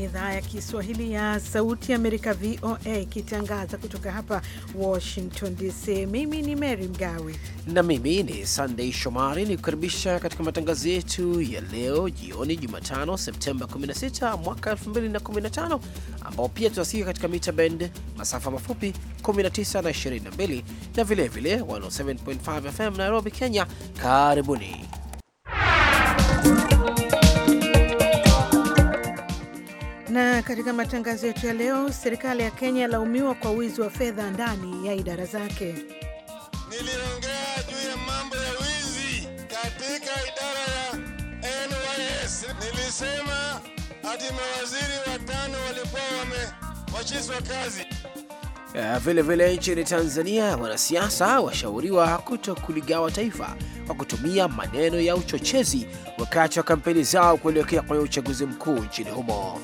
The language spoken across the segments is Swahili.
ni idhaa ya Kiswahili ya Sauti Amerika, VOA, ikitangaza kutoka hapa Washington DC. Mimi ni Mary Mgawe na mimi ni Sandei Shomari, ni kukaribisha katika matangazo yetu ya leo jioni, Jumatano Septemba 16 mwaka 2015, ambao pia tunasikia katika mita bend masafa mafupi 19 na 22 na vilevile 107.5 FM Nairobi, Kenya. Karibuni. Na katika matangazo yetu ya leo, serikali ya Kenya laumiwa kwa wizi wa fedha ndani ya idara zake. Niliongea juu ya mambo ya wizi katika idara ya NYS. Nilisema hadi mawaziri watano walikuwa wamewachizwa kazi. Vile vile nchini Tanzania, wanasiasa washauriwa kuto kuligawa taifa kwa kutumia maneno ya uchochezi wakati wa kampeni zao kuelekea kwenye uchaguzi mkuu nchini humo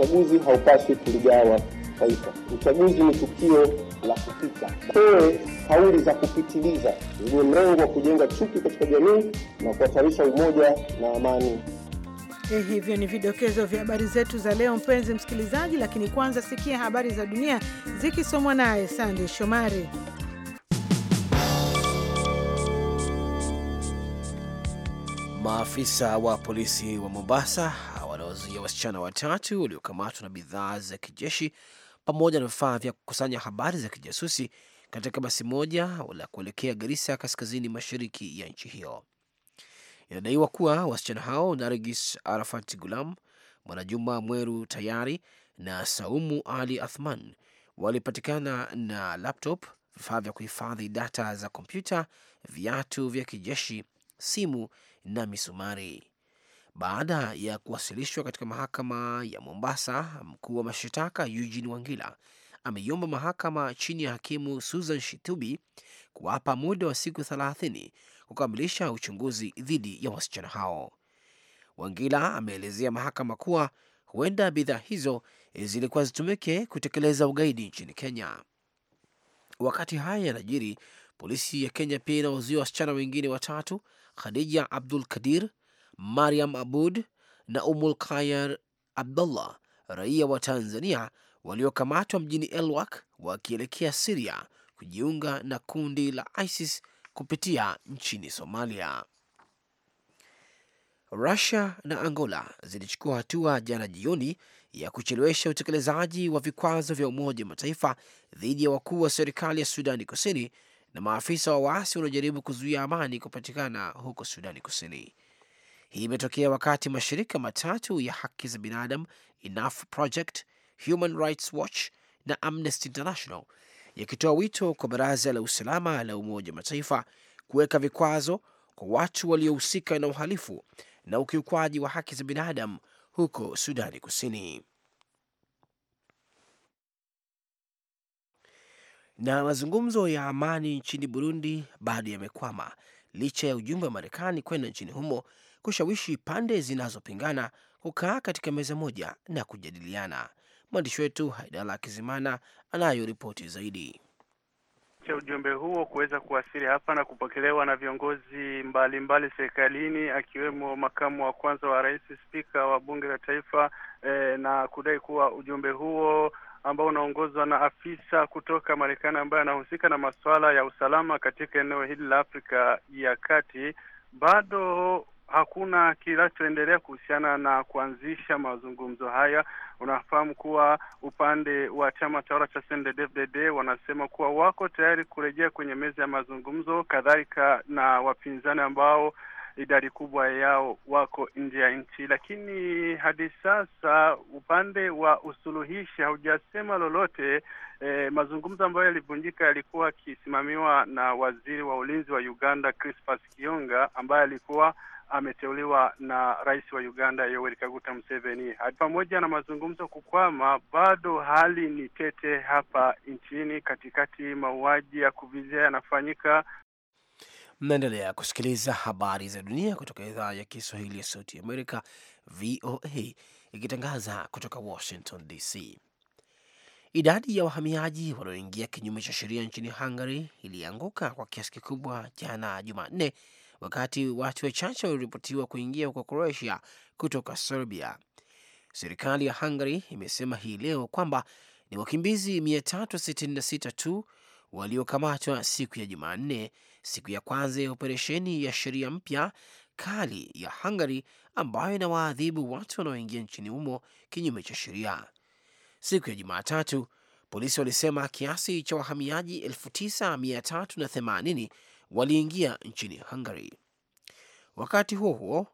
uchaguzi haupaswi kuligawa taifa. Uchaguzi ni tukio la kupita. Toe kauli za kupitiliza zenye mrengo wa kujenga chuki katika jamii na kuhatarisha umoja na amani. Eh, hivyo ni vidokezo vya habari zetu za leo, mpenzi msikilizaji, lakini kwanza sikia habari za dunia zikisomwa naye Sande Shomari. Maafisa wa polisi wa Mombasa inawazuia wasichana watatu waliokamatwa na bidhaa za kijeshi pamoja na vifaa vya kukusanya habari za kijasusi katika basi moja la kuelekea garisa kaskazini mashariki ya nchi hiyo. Inadaiwa kuwa wasichana hao Nargis Arafat Gulam, Mwanajuma Mweru Tayari na Saumu Ali Athman walipatikana na laptop, vifaa vya kuhifadhi data za kompyuta, viatu vya kijeshi, simu na misumari. Baada ya kuwasilishwa katika mahakama ya Mombasa, mkuu wa mashitaka Eugene Wangila ameiomba mahakama chini ya hakimu Susan Shitubi kuwapa muda wa siku thelathini kukamilisha uchunguzi dhidi ya wasichana hao. Wangila ameelezea mahakama kuwa huenda bidhaa hizo zilikuwa zitumike kutekeleza ugaidi nchini Kenya. Wakati haya yanajiri, polisi ya Kenya pia inawazuia wasichana wengine watatu, Khadija Abdul Kadir, Mariam Abud na Umul Khayr Abdullah, raia wa Tanzania waliokamatwa mjini Elwak wakielekea Siria kujiunga na kundi la ISIS kupitia nchini Somalia. Rusia na Angola zilichukua hatua jana jioni ya kuchelewesha utekelezaji wa vikwazo vya Umoja wa Mataifa dhidi ya wakuu wa serikali ya Sudani Kusini na maafisa wa waasi wanaojaribu kuzuia amani kupatikana huko Sudani Kusini. Hii imetokea wakati mashirika matatu ya haki za binadamu Enough Project, Human Rights Watch na Amnesty International yakitoa wito kwa Baraza la Usalama la Umoja wa Mataifa kuweka vikwazo kwa watu waliohusika na uhalifu na ukiukwaji wa haki za binadamu huko Sudani Kusini. Na mazungumzo ya amani nchini Burundi bado yamekwama licha ya ujumbe wa Marekani kwenda nchini humo kushawishi pande zinazopingana kukaa katika meza moja na kujadiliana. Mwandishi wetu Haidala Kizimana anayo ripoti zaidi. cha ujumbe huo kuweza kuwasili hapa na kupokelewa na viongozi mbalimbali serikalini, akiwemo makamu wa kwanza wa rais, spika wa bunge la taifa eh, na kudai kuwa ujumbe huo ambao unaongozwa na afisa kutoka Marekani ambaye anahusika na masuala ya usalama katika eneo hili la Afrika ya Kati bado hakuna kinachoendelea kuhusiana na kuanzisha mazungumzo haya. Unafahamu kuwa upande wa chama tawala cha CNDD-FDD wanasema kuwa wako tayari kurejea kwenye meza ya mazungumzo, kadhalika na wapinzani ambao idadi kubwa yao wako nje ya nchi, lakini hadi sasa upande wa usuluhishi haujasema lolote. E, mazungumzo ambayo yalivunjika yalikuwa akisimamiwa na waziri wa ulinzi wa Uganda Crispas Kionga ambaye alikuwa ameteuliwa na rais wa Uganda Yoweri Kaguta Museveni. Hadi pamoja na mazungumzo kukwama, bado hali ni tete hapa nchini katikati, mauaji ya kuvizia yanafanyika. Mnaendelea kusikiliza habari za dunia kutoka idhaa ya Kiswahili ya Sauti ya Amerika, VOA, ikitangaza kutoka Washington DC. Idadi ya wahamiaji walioingia kinyume cha sheria nchini Hungary ilianguka kwa kiasi kikubwa jana Jumanne wakati watu wachache waliripotiwa kuingia huko Croatia kutoka Serbia. Serikali ya Hungary imesema hii leo kwamba ni wakimbizi 366 tu waliokamatwa siku ya Jumanne, siku ya kwanza ya operesheni ya sheria mpya kali ya Hungary ambayo inawaadhibu watu wanaoingia nchini humo kinyume cha sheria. Siku ya Jumatatu polisi walisema kiasi cha wahamiaji 9380 waliingia nchini Hungary. Wakati huo huo,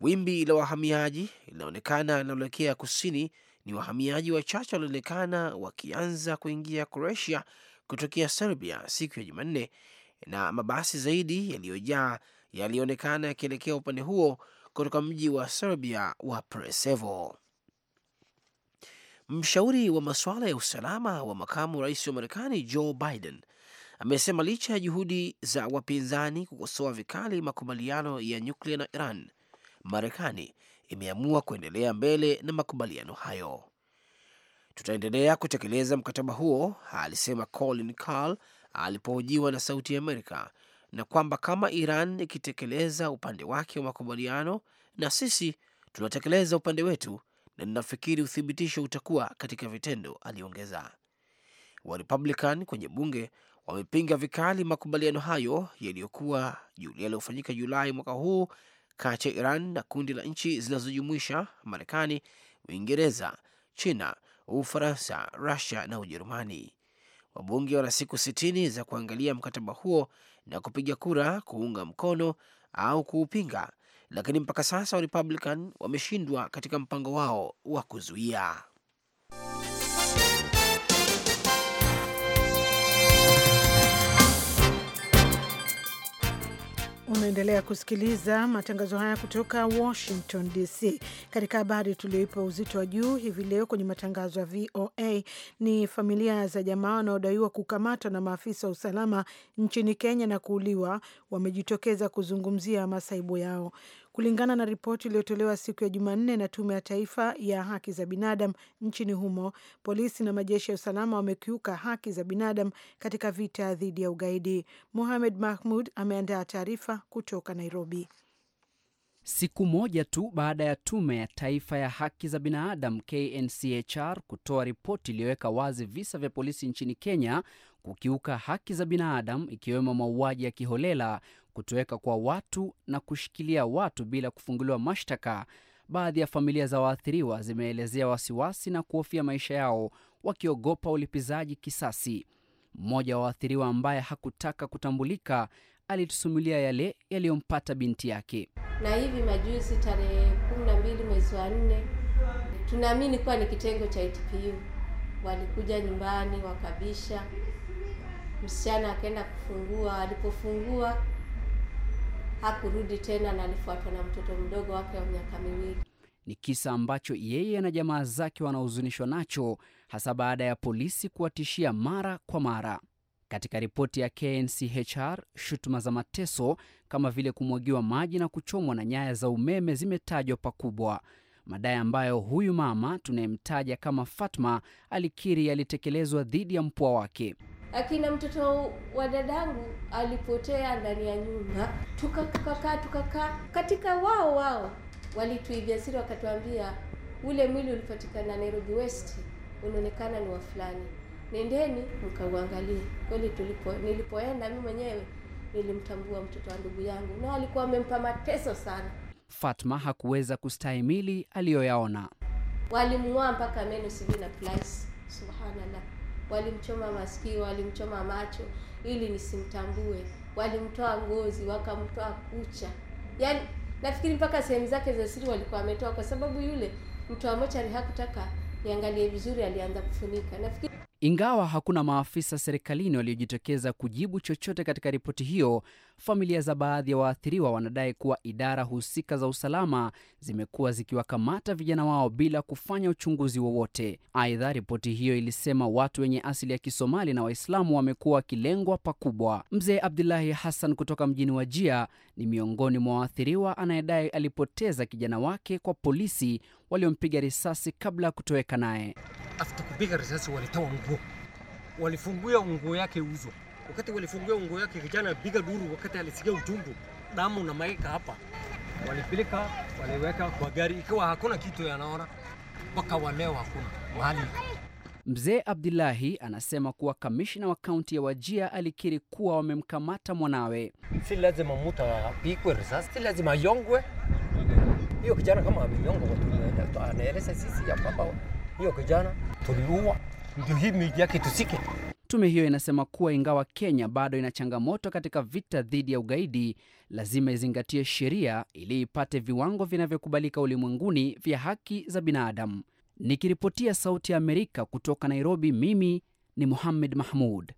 wimbi la wahamiaji linaonekana linaelekea kusini. Ni wahamiaji wachache walionekana wakianza kuingia Croatia kutokea Serbia siku ya Jumanne, na mabasi zaidi yaliyojaa yalionekana yakielekea upande huo kutoka mji wa Serbia wa Presevo. Mshauri wa masuala ya usalama wa makamu rais wa Marekani Joe Biden amesema licha ya juhudi za wapinzani kukosoa vikali makubaliano ya nyuklia na Iran, Marekani imeamua kuendelea mbele na makubaliano hayo. Tutaendelea kutekeleza mkataba huo, alisema Colin Carl alipohojiwa na Sauti ya Amerika, na kwamba kama Iran ikitekeleza upande wake wa makubaliano, na sisi tunatekeleza upande wetu, na ninafikiri uthibitisho utakuwa katika vitendo, aliongeza. Warepublican kwenye bunge wamepinga vikali makubaliano hayo yaliyokuwa yaliyofanyika Julai mwaka huu kati ya Iran na kundi la nchi zinazojumuisha Marekani, Uingereza, China, Ufaransa, Rusia na Ujerumani. Wabunge wana siku sitini za kuangalia mkataba huo na kupiga kura kuunga mkono au kuupinga, lakini mpaka sasa Warepublican wameshindwa katika mpango wao wa kuzuia Unaendelea kusikiliza matangazo haya kutoka Washington DC. Katika habari tulioipa uzito wa juu hivi leo kwenye matangazo ya VOA ni familia za jamaa wanaodaiwa kukamatwa na maafisa wa usalama nchini Kenya na kuuliwa wamejitokeza kuzungumzia masaibu yao kulingana na ripoti iliyotolewa siku ya Jumanne na Tume ya Taifa ya Haki za Binadamu nchini humo. Polisi na majeshi ya usalama wamekiuka haki za binadamu katika vita dhidi ya ugaidi. muhamed Mahmud ameandaa taarifa kutoka Nairobi. Siku moja tu baada ya tume ya taifa ya haki za binadamu KNCHR kutoa ripoti iliyoweka wazi visa vya polisi nchini Kenya kukiuka haki za binadamu ikiwemo mauaji ya kiholela, kutoweka kwa watu na kushikilia watu bila kufunguliwa mashtaka. Baadhi ya familia za waathiriwa zimeelezea wasiwasi na kuhofia maisha yao, wakiogopa ulipizaji kisasi. Mmoja wa waathiriwa ambaye hakutaka kutambulika alitusumulia yale yaliyompata binti yake. Na hivi majuzi tarehe kumi na mbili mwezi wa nne, tunaamini kuwa ni kitengo cha ITPU, walikuja nyumbani wakabisha, msichana akaenda kufungua. Alipofungua hakurudi tena na alifuatwa na mtoto mdogo wake wa miaka miwili. Ni kisa ambacho yeye na jamaa zake wanahuzunishwa nacho, hasa baada ya polisi kuwatishia mara kwa mara. Katika ripoti ya KNCHR, shutuma za mateso kama vile kumwagiwa maji na kuchomwa na nyaya za umeme zimetajwa pakubwa, madai ambayo huyu mama tunayemtaja kama Fatma alikiri yalitekelezwa dhidi ya mpwa wake akina mtoto wa dadangu alipotea ndani ya nyumba, tukakaa tukakaa. Katika wao wao walituibia siri, wakatuambia ule mwili ulipatikana Nairobi West, unaonekana ni wa fulani, nendeni mkauangalie. Kweli tulipo, nilipoenda mimi mwenyewe nilimtambua mtoto wa ndugu yangu, na alikuwa amempa mateso sana. Fatma hakuweza kustahimili aliyoyaona, walimng'oa mpaka meno sijui na Subhanallah walimchoma masikio, walimchoma macho ili nisimtambue, walimtoa ngozi, wakamtoa kucha, yani nafikiri mpaka sehemu zake za siri walikuwa wametoa, kwa sababu yule wa mochari hakutaka niangalie vizuri, alianza kufunika nafikiri ingawa hakuna maafisa serikalini waliojitokeza kujibu chochote katika ripoti hiyo, familia za baadhi ya waathiriwa wanadai kuwa idara husika za usalama zimekuwa zikiwakamata vijana wao bila kufanya uchunguzi wowote. Aidha, ripoti hiyo ilisema watu wenye asili ya Kisomali na Waislamu wamekuwa wakilengwa pakubwa. Mzee Abdullahi Hassan kutoka mjini jia ni miongoni mwa waathiriwa anayedai alipoteza kijana wake kwa polisi waliompiga risasi kabla ya kutoweka naye. Afta kupiga risasi walitoa nguo, walifungua nguo yake uzo. Wakati walifungua nguo yake, kijana alipiga duru. Wakati alisikia ujumbu damu na maika hapa, walipeleka waliweka kwa gari, ikiwa hakuna kitu yanaona mpaka waleo hakuna mahali Mzee Abdullahi anasema kuwa kamishna wa kaunti ya Wajia alikiri kuwa wamemkamata mwanawe. Si lazima mtu apigwe risasi, si lazima yongwe. Hiyo kijana kama ameyongwa, watu anaeleza sisi ya kwamba hiyo kijana tuliua, ndio hii miji yake tusike. Tume hiyo inasema kuwa ingawa Kenya bado ina changamoto katika vita dhidi ya ugaidi, lazima izingatie sheria ili ipate viwango vinavyokubalika ulimwenguni vya haki za binadamu. Nikiripotia Sauti ya Amerika kutoka Nairobi, mimi ni Muhammed Mahmud.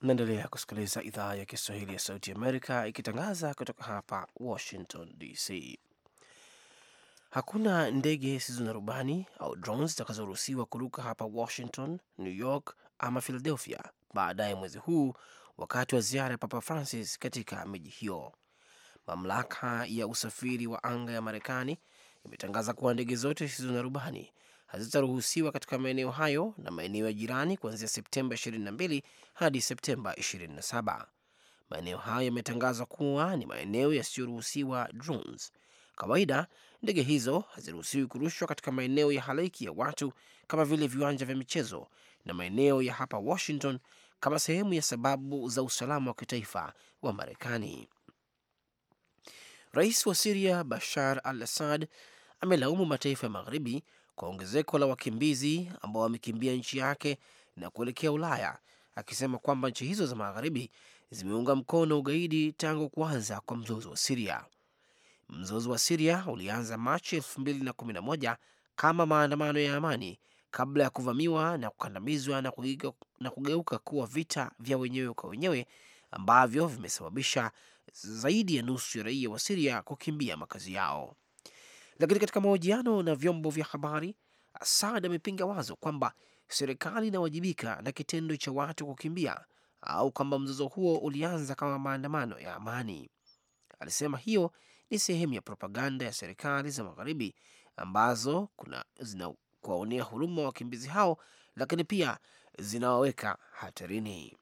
Naendelea kusikiliza idhaa ya Kiswahili ya Sauti Amerika ikitangaza kutoka hapa Washington DC. Hakuna ndege zisizo na rubani au drones zitakazoruhusiwa kuruka hapa Washington, New York ama Philadelphia baadaye mwezi huu wakati wa ziara ya Papa Francis katika miji hiyo. Mamlaka ya usafiri wa anga ya Marekani imetangaza kuwa ndege zote zisizo na rubani hazitaruhusiwa katika maeneo hayo na maeneo ya jirani kuanzia Septemba 22 hadi Septemba 27. Maeneo hayo yametangazwa kuwa ni maeneo yasiyoruhusiwa drones. Kawaida ndege hizo haziruhusiwi kurushwa katika maeneo ya halaiki ya watu kama vile viwanja vya michezo na maeneo ya hapa Washington, kama sehemu ya sababu za usalama wa kitaifa wa Marekani. Rais wa Siria Bashar al Assad amelaumu mataifa ya Magharibi kwa ongezeko la wakimbizi ambao wamekimbia nchi yake na kuelekea Ulaya, akisema kwamba nchi hizo za magharibi zimeunga mkono ugaidi tangu kuanza kwa mzozo wa Siria. Mzozo wa Siria ulianza Machi 2011 kama maandamano ya amani kabla ya kuvamiwa na kukandamizwa na, na kugeuka kuwa vita vya wenyewe kwa wenyewe ambavyo vimesababisha zaidi ya nusu ya raia wa Siria kukimbia makazi yao. Lakini katika mahojiano na vyombo vya habari, Assad amepinga wazo kwamba serikali inawajibika na kitendo cha watu kukimbia au kwamba mzozo huo ulianza kama maandamano ya amani. Alisema hiyo ni sehemu ya propaganda ya serikali za magharibi ambazo kuna zina kuwaonea huruma wakimbizi hao, lakini pia zinawaweka hatarini.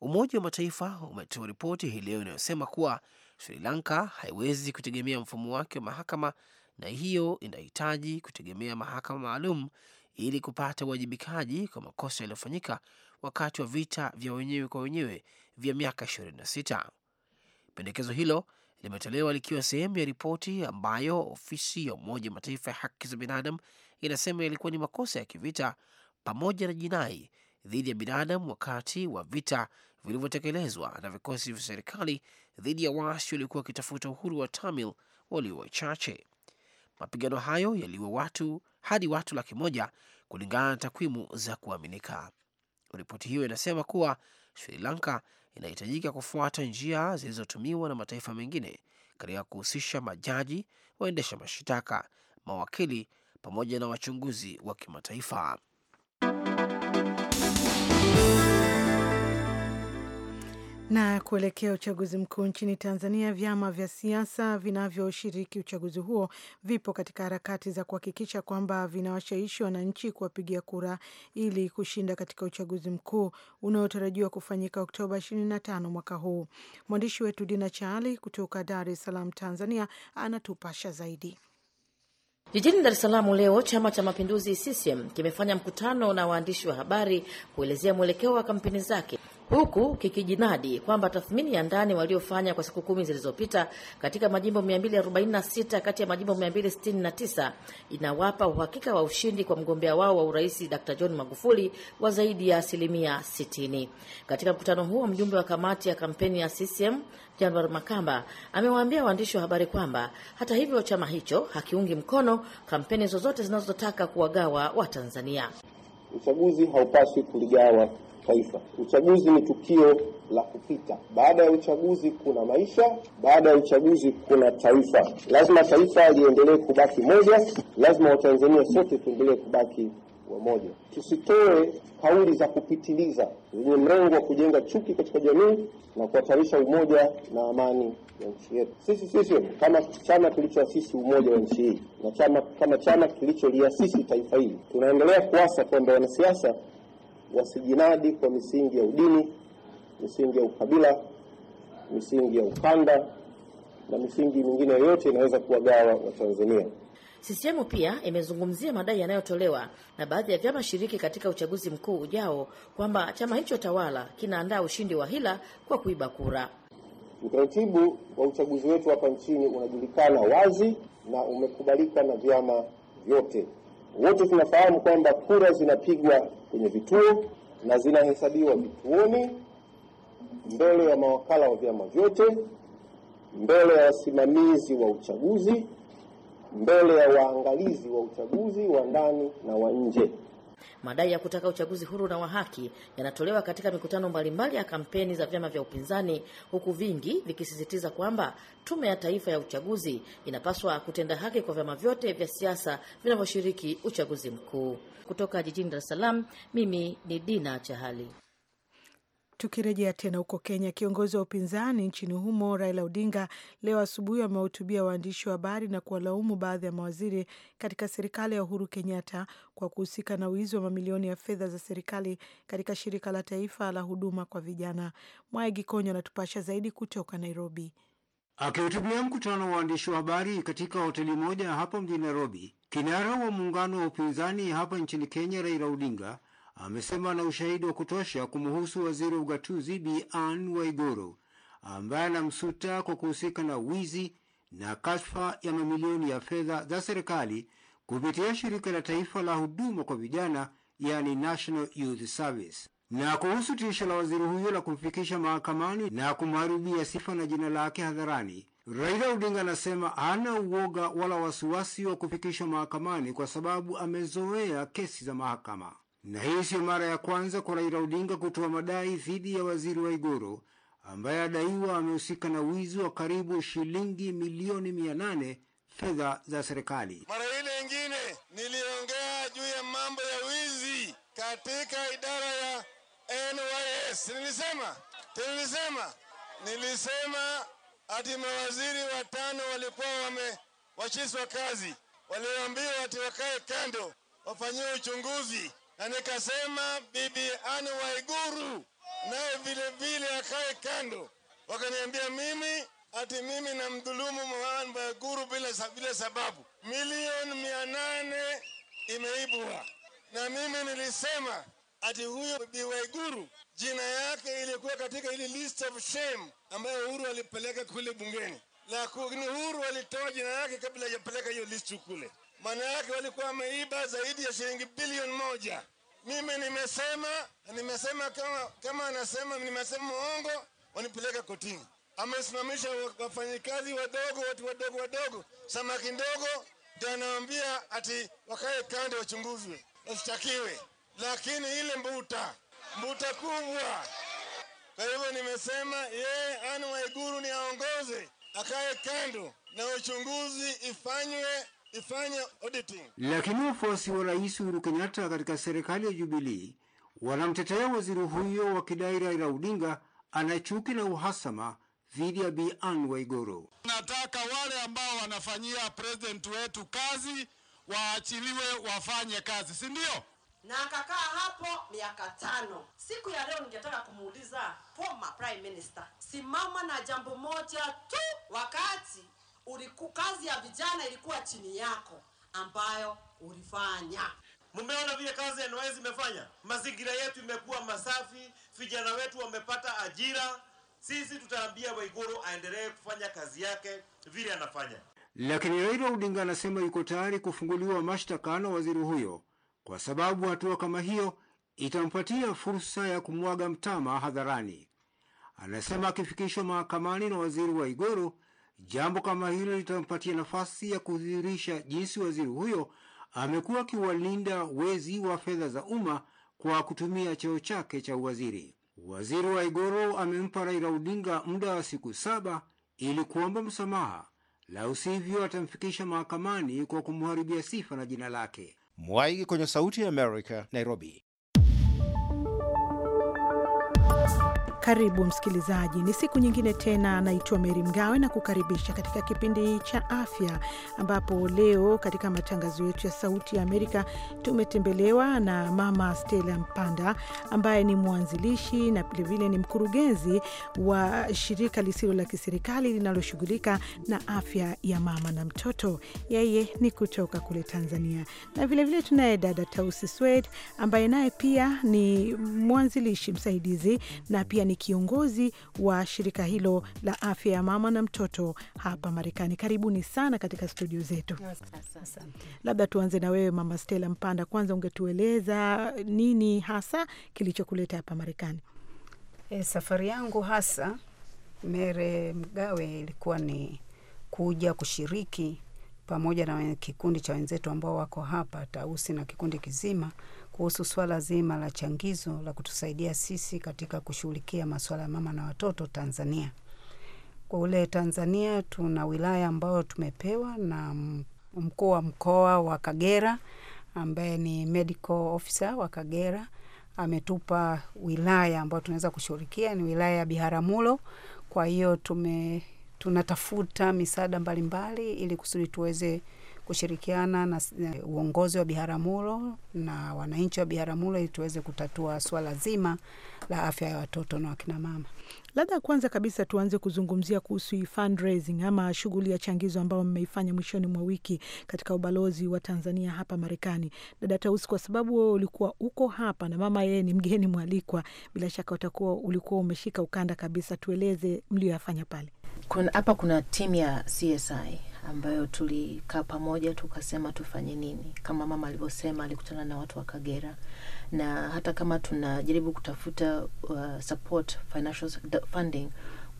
Umoja wa Mataifa umetoa ripoti hii leo inayosema kuwa Sri Lanka haiwezi kutegemea mfumo wake wa mahakama, na hiyo inahitaji kutegemea mahakama maalum ili kupata uwajibikaji kwa makosa yaliyofanyika wakati wa vita vya wenyewe kwa wenyewe vya miaka 26. Pendekezo hilo limetolewa likiwa sehemu ya ripoti ambayo ofisi ya Umoja wa Mataifa ya haki za binadamu inasema yalikuwa ni makosa ya kivita pamoja na jinai dhidi ya binadamu wakati wa vita vilivyotekelezwa na vikosi vya serikali dhidi ya waasi waliokuwa wakitafuta uhuru wa Tamil walio wachache. Mapigano hayo yaliwa watu hadi watu laki moja kulingana na takwimu za kuaminika. Ripoti hiyo inasema kuwa Sri Lanka inahitajika kufuata njia zilizotumiwa na mataifa mengine katika kuhusisha majaji, waendesha mashitaka, mawakili pamoja na wachunguzi wa kimataifa. Na kuelekea uchaguzi mkuu nchini Tanzania, vyama vya siasa vinavyoshiriki uchaguzi huo vipo katika harakati za kuhakikisha kwamba vinawashawishi wananchi kuwapigia kura ili kushinda katika uchaguzi mkuu unaotarajiwa kufanyika Oktoba 25 mwaka huu. Mwandishi wetu Dina Chaali kutoka Dar es Salaam, Tanzania, anatupasha zaidi. Jijini Dar es Salaam leo Chama cha Mapinduzi CCM kimefanya mkutano na waandishi wa habari kuelezea mwelekeo wa kampeni zake huku kikijinadi kwamba tathmini ya ndani waliofanya kwa siku kumi zilizopita katika majimbo 246 kati ya majimbo 269 inawapa uhakika wa ushindi kwa mgombea wao wa urais Dkt. John Magufuli wa zaidi ya asilimia 60. Katika mkutano huo, mjumbe wa kamati ya kampeni ya CCM Januari Makamba amewaambia waandishi wa habari kwamba hata hivyo, chama hicho hakiungi mkono kampeni zozote zinazotaka kuwagawa Watanzania. Uchaguzi haupaswi kuligawa taifa. Uchaguzi ni tukio la kupita. Baada ya uchaguzi kuna maisha, baada ya uchaguzi kuna taifa. Lazima taifa liendelee kubaki moja, lazima Watanzania sote tuendelee kubaki wamoja. Tusitoe kauli za kupitiliza zenye mrengo wa kujenga chuki katika jamii na kuhatarisha umoja na amani ya nchi yetu. Sisi sisi kama chama kilichoasisi umoja wa nchi hii na chama, kama chama kilicholiasisi taifa hili, tunaendelea kuasa kwamba wanasiasa wasijinadi kwa misingi ya udini, misingi ya ukabila, misingi ya ukanda na misingi mingine yoyote inaweza kuwagawa Watanzania. CCM pia imezungumzia madai yanayotolewa na baadhi ya vyama shiriki katika uchaguzi mkuu ujao kwamba chama hicho tawala kinaandaa ushindi wa hila kwa kuiba kura. Utaratibu wa uchaguzi wetu hapa nchini unajulikana wazi na umekubalika na vyama vyote. Wote tunafahamu kwamba kura zinapigwa kwenye vituo na zinahesabiwa vituoni, mbele ya mawakala wa vyama vyote, mbele ya wasimamizi wa uchaguzi, mbele ya waangalizi wa uchaguzi wa ndani na wa nje. Madai ya kutaka uchaguzi huru na wa haki yanatolewa katika mikutano mbalimbali ya kampeni za vyama vya upinzani, huku vingi vikisisitiza kwamba Tume ya Taifa ya Uchaguzi inapaswa kutenda haki kwa vyama vyote vya siasa vinavyoshiriki uchaguzi mkuu. Kutoka jijini Dar es Salaam, mimi ni Dina Chahali. Tukirejea tena huko Kenya, kiongozi wa upinzani nchini humo Raila Odinga leo asubuhi amewahutubia waandishi wa habari na kuwalaumu baadhi ya mawaziri katika serikali ya Uhuru Kenyatta kwa kuhusika na wizi wa mamilioni ya fedha za serikali katika shirika la taifa la huduma kwa vijana. Mwaegi Gikonyo anatupasha zaidi kutoka Nairobi. Akihutubia mkutano wa waandishi wa habari katika hoteli moja hapa mjini Nairobi, kinara wa muungano wa upinzani hapa nchini Kenya Raila Odinga amesema ana ushahidi wa kutosha kumuhusu waziri wa ugatuzi Bi Anne Waiguru ambaye anamsuta kwa kuhusika na wizi na kashfa ya mamilioni ya fedha za serikali kupitia shirika la taifa la huduma kwa vijana yani National Youth Service. Na kuhusu tisho la waziri huyo la kumfikisha mahakamani na kumharibia sifa na jina lake hadharani, Raila Odinga anasema hana uoga wala wasiwasi wa kufikishwa mahakamani kwa sababu amezoea kesi za mahakama. Na hii sio mara ya kwanza kwa Raila Odinga kutoa madai dhidi ya waziri wa Igoro ambaye adaiwa amehusika na wizi wa karibu shilingi milioni mia nane fedha za serikali. Mara ile ingine niliongea juu ya mambo ya wizi katika idara ya NYS. Nilisema nilisema nilisema ati mawaziri watano walikuwa wamewachiswa kazi, walioambiwa ati wakae kando wafanyiwe uchunguzi na nikasema Bibi Anne Waiguru naye vile vile akae kando. Wakaniambia mimi ati mimi na mdhulumu Mohan Waiguru bila, bila sababu. Milioni mia nane imeibwa na mimi nilisema ati huyo Bibi Waiguru jina yake ilikuwa katika ile list of shame ambayo Uhuru alipeleka kule bungeni, lakini Uhuru alitoa jina yake kabla hajapeleka hiyo list kule. Maana yake walikuwa wameiba zaidi ya shilingi bilioni moja mimi nimesema nimesema kama, kama anasema nimesema muongo wanipeleka kotini. Amesimamisha wafanyikazi wadogo, watu wadogo wadogo, samaki ndogo, ndio anawaambia ati wakae kando, wachunguzwe, wasitakiwe. Lakini ile mbuta mbuta kubwa. Kwa hivyo nimesema yeye Anne Waiguru ni aongoze, akae kando na uchunguzi ifanywe ifanye auditing. Lakini wafuasi wa Rais Uhuru Kenyatta katika serikali ya Jubilee wanamtetea waziri huyo wakidai Raila Odinga ana chuki na uhasama dhidi ya Bi Anne Waiguru. Nataka wale ambao wanafanyia president wetu kazi waachiliwe wafanye kazi, si ndio? Na akakaa hapo miaka tano. Siku ya leo ningetaka kumuuliza former prime minister, simama na jambo moja tu wakati uliku, kazi ya vijana ilikuwa chini yako ambayo ulifanya. Mmeona vile kazi ya NYS imefanya, mazingira yetu imekuwa masafi, vijana wetu wamepata ajira. Sisi tutaambia Waiguru aendelee kufanya kazi yake vile anafanya. Lakini Raila Odinga anasema yuko tayari kufunguliwa mashtaka na waziri huyo kwa sababu hatua kama hiyo itampatia fursa ya kumwaga mtama hadharani. Anasema akifikishwa mahakamani na waziri Waiguru Jambo kama hilo litampatia nafasi ya kudhihirisha jinsi waziri huyo amekuwa akiwalinda wezi wa fedha za umma kwa kutumia cheo chake cha uwaziri. Waziri wa Igoro amempa Raila Odinga muda wa siku saba ili kuomba msamaha, la usivyo atamfikisha mahakamani kwa kumharibia sifa na jina lake. Mwaigi kwenye Sauti ya Amerika, Nairobi. Karibu msikilizaji, ni siku nyingine tena. anaitwa Meri Mgawe na kukaribisha katika kipindi cha afya, ambapo leo katika matangazo yetu ya Sauti ya Amerika tumetembelewa na Mama Stella Mpanda ambaye ni mwanzilishi na vilevile ni mkurugenzi wa shirika lisilo la kiserikali linaloshughulika na afya ya mama na mtoto. Yeye ni kutoka kule Tanzania, na vilevile tunaye dada Tausi Swed ambaye naye pia ni mwanzilishi msaidizi na pia ni ni kiongozi wa shirika hilo la afya ya mama na mtoto hapa Marekani. Karibuni sana katika studio zetu. Labda tuanze na wewe Mama Stella Mpanda, kwanza ungetueleza nini hasa kilichokuleta hapa Marekani? E, safari yangu hasa Mere Mgawe ilikuwa ni kuja kushiriki pamoja na kikundi cha wenzetu ambao wako hapa Tausi na kikundi kizima kuhusu swala zima la changizo la kutusaidia sisi katika kushughulikia masuala ya mama na watoto Tanzania. Kwa ule Tanzania tuna wilaya ambayo tumepewa na mkuu wa mkoa wa Kagera ambaye ni medical officer wa Kagera ametupa wilaya ambayo tunaweza kushughulikia ni wilaya ya Biharamulo. Kwa hiyo tume tunatafuta misaada mbalimbali ili kusudi tuweze kushirikiana na eh, uongozi wa Biharamulo na wananchi wa Biharamulo ili tuweze kutatua swala zima la afya ya watoto na wakinamama. Labda kwanza kabisa tuanze kuzungumzia kuhusu fundraising ama shughuli ya changizo ambayo mmeifanya mwishoni mwa wiki katika ubalozi wa Tanzania hapa Marekani. Dada Tausi, kwa sababu wewe ulikuwa uko hapa na mama yeye ni mgeni mwalikwa, bila shaka utakuwa ulikuwa umeshika ukanda kabisa, tueleze mliyoyafanya pale hapa kuna, timu ya CSI ambayo tulikaa pamoja tukasema tufanye nini, kama mama alivyosema, alikutana na watu wa Kagera, na hata kama tunajaribu kutafuta uh, support financial funding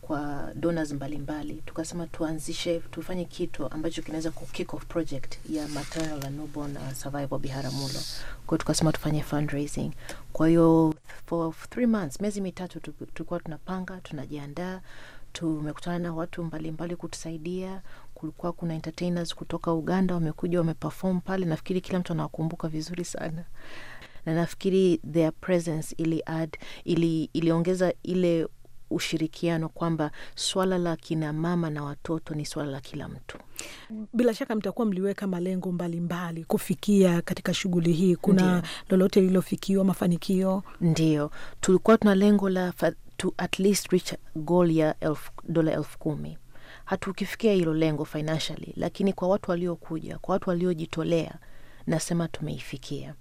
kwa donors mbalimbali mbali. Tukasema tuanzishe tufanye kitu ambacho kinaweza ku kick off project ya maternal and newborn uh, survival Biharamulo. Kwa tukasema tufanye fundraising. Kwa hiyo for three months, miezi mitatu tulikuwa tunapanga, tunajiandaa tumekutana na watu mbalimbali mbali kutusaidia. Kulikuwa kuna entertainers kutoka Uganda wamekuja wameperform pale. Nafikiri kila mtu anawakumbuka vizuri sana, na nafikiri their presence ili add, ili iliongeza ile ushirikiano kwamba swala la kina mama na watoto ni swala la kila mtu. Bila shaka mtakuwa mliweka malengo mbalimbali mbali kufikia katika shughuli hii. Kuna ndiyo, lolote lililofikiwa mafanikio? ndio tulikuwa tuna lengo la to at least reach goal ya elf, dola elfu kumi hatukifikia hilo lengo financially, lakini kwa watu waliokuja, kwa watu waliojitolea, nasema tumeifikia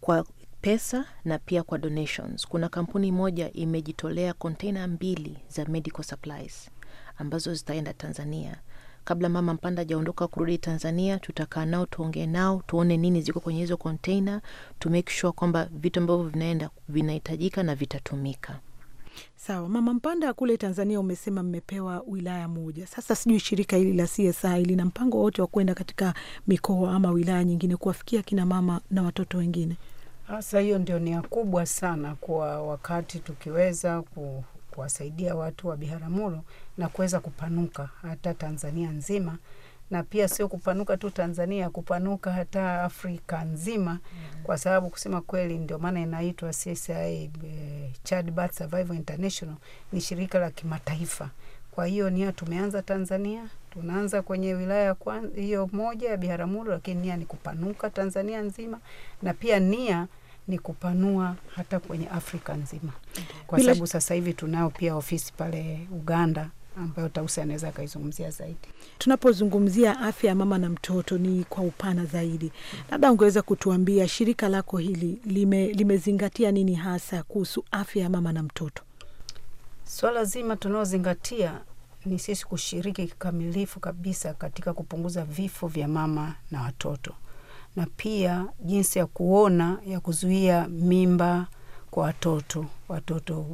kwa pesa na pia kwa donations. Kuna kampuni moja imejitolea container mbili za medical supplies ambazo zitaenda Tanzania. Kabla mama Mpanda ajaondoka kurudi Tanzania, tutakaa nao tuongee nao tuone nini ziko kwenye hizo container, to sure kwamba vitu ambavyo vinaenda vinahitajika na vitatumika. Sawa, Mama Mpanda, kule Tanzania umesema mmepewa wilaya moja. Sasa sijui shirika hili la CSI lina mpango wote wa kwenda katika mikoa ama wilaya nyingine kuwafikia kina mama na watoto wengine? Hasa hiyo ndio nia kubwa sana, kwa wakati tukiweza ku, kuwasaidia watu wa Biharamulo na kuweza kupanuka hata Tanzania nzima na pia sio kupanuka tu Tanzania, kupanuka hata Afrika nzima mm. Kwa sababu kusema kweli, ndio maana inaitwa CSI eh, Child Birth Survival International ni shirika la kimataifa. Kwa hiyo nia tumeanza Tanzania, tunaanza kwenye wilaya hiyo moja ya Biharamulo, lakini nia ni kupanuka Tanzania nzima, na pia nia ni kupanua hata kwenye Afrika nzima, kwa sababu sasa hivi tunao pia ofisi pale Uganda ambayo Tausi anaweza akaizungumzia zaidi. Tunapozungumzia afya ya mama na mtoto ni kwa upana zaidi, labda ungeweza kutuambia shirika lako hili lime, limezingatia nini hasa kuhusu afya ya mama na mtoto? Swala zima tunaozingatia ni sisi kushiriki kikamilifu kabisa katika kupunguza vifo vya mama na watoto, na pia jinsi ya kuona ya kuzuia mimba kwa watoto watoto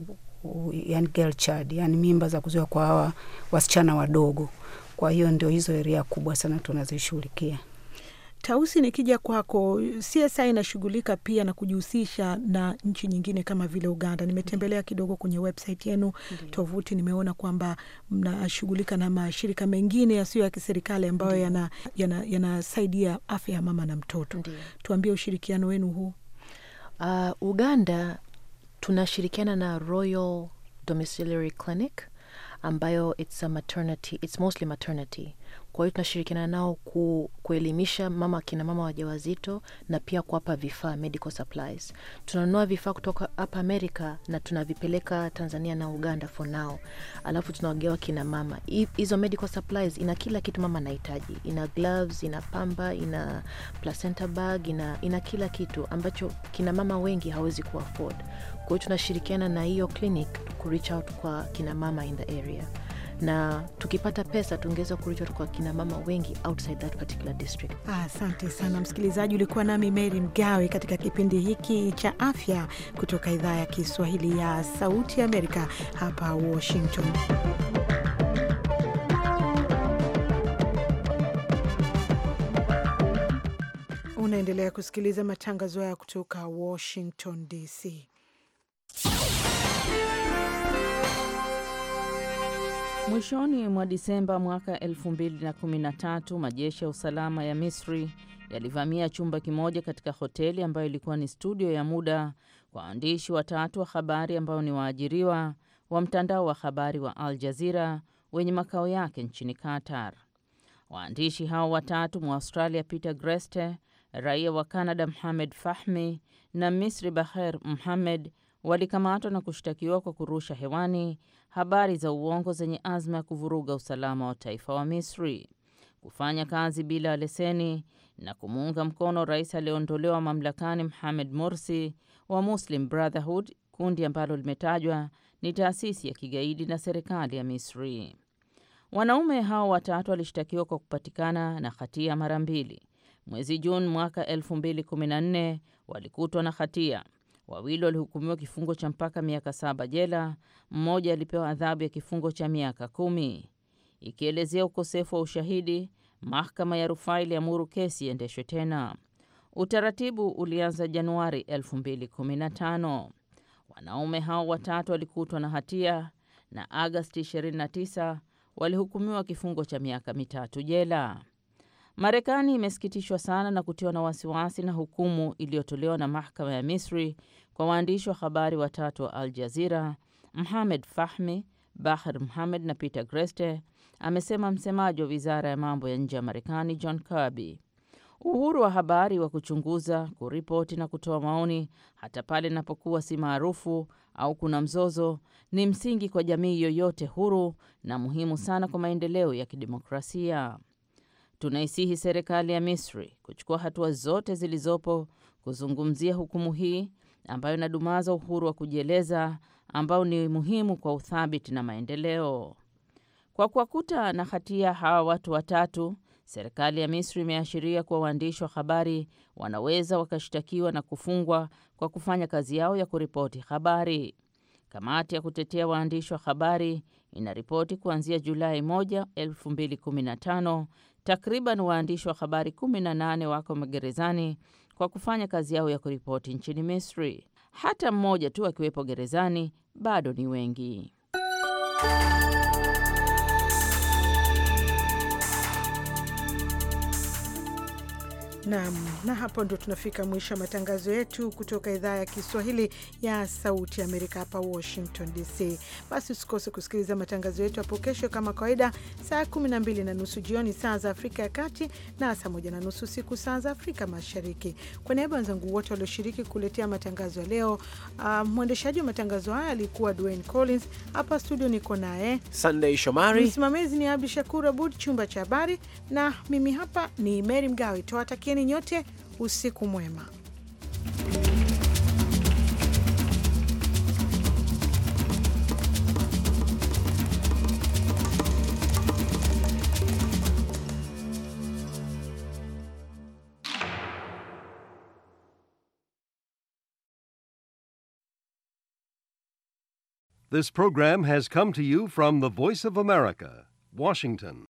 yani girl child, yani mimba za kuzuia kwa hawa wasichana wadogo. Kwa hiyo ndio hizo eria kubwa sana tunazishughulikia. Tausi, nikija kwako, CSI inashughulika pia na kujihusisha na nchi nyingine kama vile Uganda. Nimetembelea kidogo kwenye website yenu tovuti, nimeona kwamba mnashughulika na mashirika mengine yasiyo ya kiserikali ambayo yanasaidia yana, yana afya ya mama na mtoto. Tuambie ushirikiano wenu huu. Uh, Uganda tunashirikiana na Royal Domiciliary Clinic ambayo it's a maternity, it's mostly maternity kwa hiyo tunashirikiana nao ku, kuelimisha mama kina mama wajawazito na pia kuwapa vifaa medical supplies. Tunanunua vifaa kutoka hapa Amerika na tunavipeleka Tanzania na Uganda for now, alafu tunaogewa kina mama hizo medical supplies. Ina kila kitu mama anahitaji, ina gloves, ina pamba, ina placenta bag, ina, ina kila kitu ambacho kina mama wengi hawezi ku Kwa hiyo tunashirikiana na hiyo clinic ku reach out kwa kina mama in the area na tukipata pesa tungeweza kurich kwa kina mama wengi outside that particular district. Asante ah, sana msikilizaji. Ulikuwa nami Mary Mgawe katika kipindi hiki cha afya kutoka idhaa ya Kiswahili ya Sauti ya Amerika hapa Washington. Unaendelea kusikiliza matangazo haya kutoka Washington DC. Mwishoni mwa Disemba mwaka 2013 majeshi ya usalama ya Misri yalivamia chumba kimoja katika hoteli ambayo ilikuwa ni studio ya muda kwa waandishi watatu wa habari ambao ni waajiriwa wa mtandao wa habari wa Al Jazeera wenye makao yake nchini Qatar. Waandishi hao watatu Mwaustralia Peter Greste, raia wa Canada Mohamed Fahmi na Misri Baher Mohamed walikamatwa na kushtakiwa kwa kurusha hewani habari za uongo zenye azma ya kuvuruga usalama wa taifa wa Misri, kufanya kazi bila leseni na kumuunga mkono rais aliyeondolewa mamlakani Mohamed Morsi wa Muslim Brotherhood, kundi ambalo limetajwa ni taasisi ya kigaidi na serikali ya Misri. Wanaume hao watatu walishtakiwa kwa kupatikana na hatia mara mbili. Mwezi Juni mwaka 2014 walikutwa na hatia Wawili walihukumiwa kifungo cha mpaka miaka saba jela, mmoja alipewa adhabu ya kifungo cha miaka kumi. Ikielezea ukosefu wa ushahidi, mahakama ya rufaa iliamuru kesi iendeshwe tena. Utaratibu ulianza Januari 2015. Wanaume hao watatu walikutwa na hatia na Agasti 29 walihukumiwa kifungo cha miaka mitatu jela. Marekani imesikitishwa sana na kutiwa na wasiwasi na hukumu iliyotolewa na mahakama ya Misri kwa waandishi wa habari watatu wa Al Jazira, Mohamed Fahmi, Bahr Mohamed na Peter Greste, amesema msemaji wa wizara ya mambo ya nje ya Marekani John Kirby. Uhuru wa habari wa kuchunguza, kuripoti na kutoa maoni, hata pale inapokuwa si maarufu au kuna mzozo, ni msingi kwa jamii yoyote huru na muhimu sana kwa maendeleo ya kidemokrasia. Tunaisihi serikali ya Misri kuchukua hatua zote zilizopo kuzungumzia hukumu hii ambayo inadumaza uhuru wa kujieleza ambao ni muhimu kwa uthabiti na maendeleo. Kwa kuwakuta na hatia hawa watu watatu, serikali ya Misri imeashiria kuwa waandishi wa habari wanaweza wakashtakiwa na kufungwa kwa kufanya kazi yao ya kuripoti habari. Kamati ya kutetea waandishi wa habari inaripoti kuanzia Julai 1, 2015 Takriban waandishi wa habari 18 wako magerezani kwa kufanya kazi yao ya kuripoti nchini Misri. Hata mmoja tu akiwepo gerezani bado ni wengi. Naam, na hapo ndo tunafika mwisho wa matangazo yetu kutoka idhaa ya Kiswahili ya Sauti ya Amerika hapa Washington DC. Basi usikose kusikiliza matangazo yetu hapo kesho kama kawaida, saa 12 na nusu jioni saa za Afrika ya Kati na saa 1 na nusu siku saa za Afrika Mashariki. Kwa niaba wenzangu wote walioshiriki kuletea matangazo ya leo, uh, mwendeshaji wa matangazo haya alikuwa Dwayne Collins. Hapa studio niko naye Sunday Shomari, msimamizi ni Abdu Shakur Abud, chumba cha habari, na mimi hapa ni Mary Mgawe. Tuwatakieni nyote usiku mwema. This program has come to you from the Voice of America, Washington.